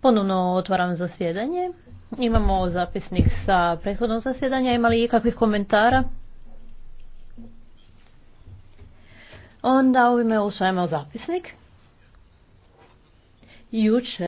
Ponovno otvaram zasjedanje. Imamo zapisnik sa prethodnog zasjedanja. Ima li ikakvih komentara? Onda ovime usvajamo zapisnik. Jučer